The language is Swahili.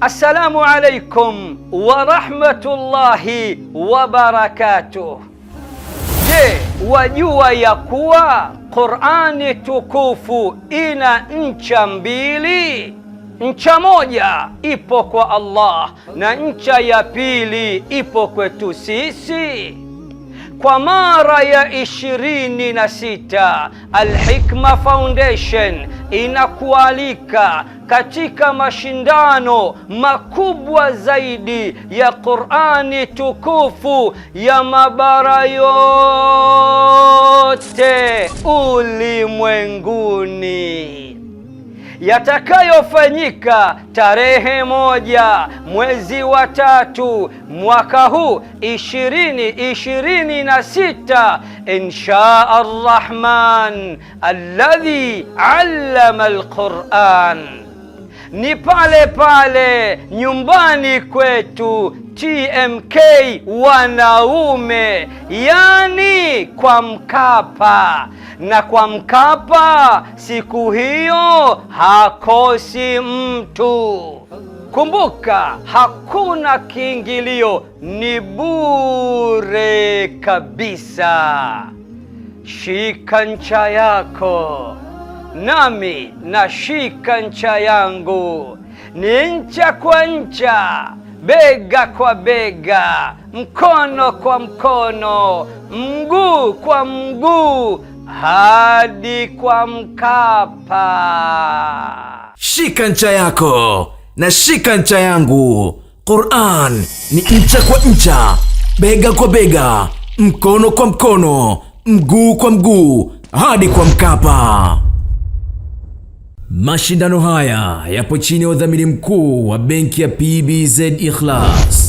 Assalamu alaikum wa rahmatullahi wa barakatuh. Je, wajua ya kuwa Qur'ani tukufu ina ncha mbili? Ncha moja ipo kwa Allah na ncha ya pili ipo kwetu sisi kwa mara ya ishirini na sita Al-Hikma Foundation inakualika katika mashindano makubwa zaidi ya Qur'ani tukufu ya mabara yote ulimwengu yatakayofanyika tarehe moja mwezi wa tatu mwaka huu ishirini ishirini na sita insha arrahman alladhi allama alquran ni pale pale nyumbani kwetu TMK wanaume, yani kwa Mkapa. Na kwa Mkapa siku hiyo hakosi mtu. Kumbuka, hakuna kiingilio, ni bure kabisa. Shika ncha yako nami nashika ncha yangu, ni ncha kwa ncha, bega kwa bega, mkono kwa mkono, mguu kwa mguu, hadi kwa Mkapa. Shika ncha yako na shika ncha yangu. Qur'an ni ncha kwa ncha, bega kwa bega, mkono kwa mkono, mguu kwa mguu, hadi kwa Mkapa. Mashindano haya yapo chini ya udhamini mkuu wa benki ya PBZ Ikhlas.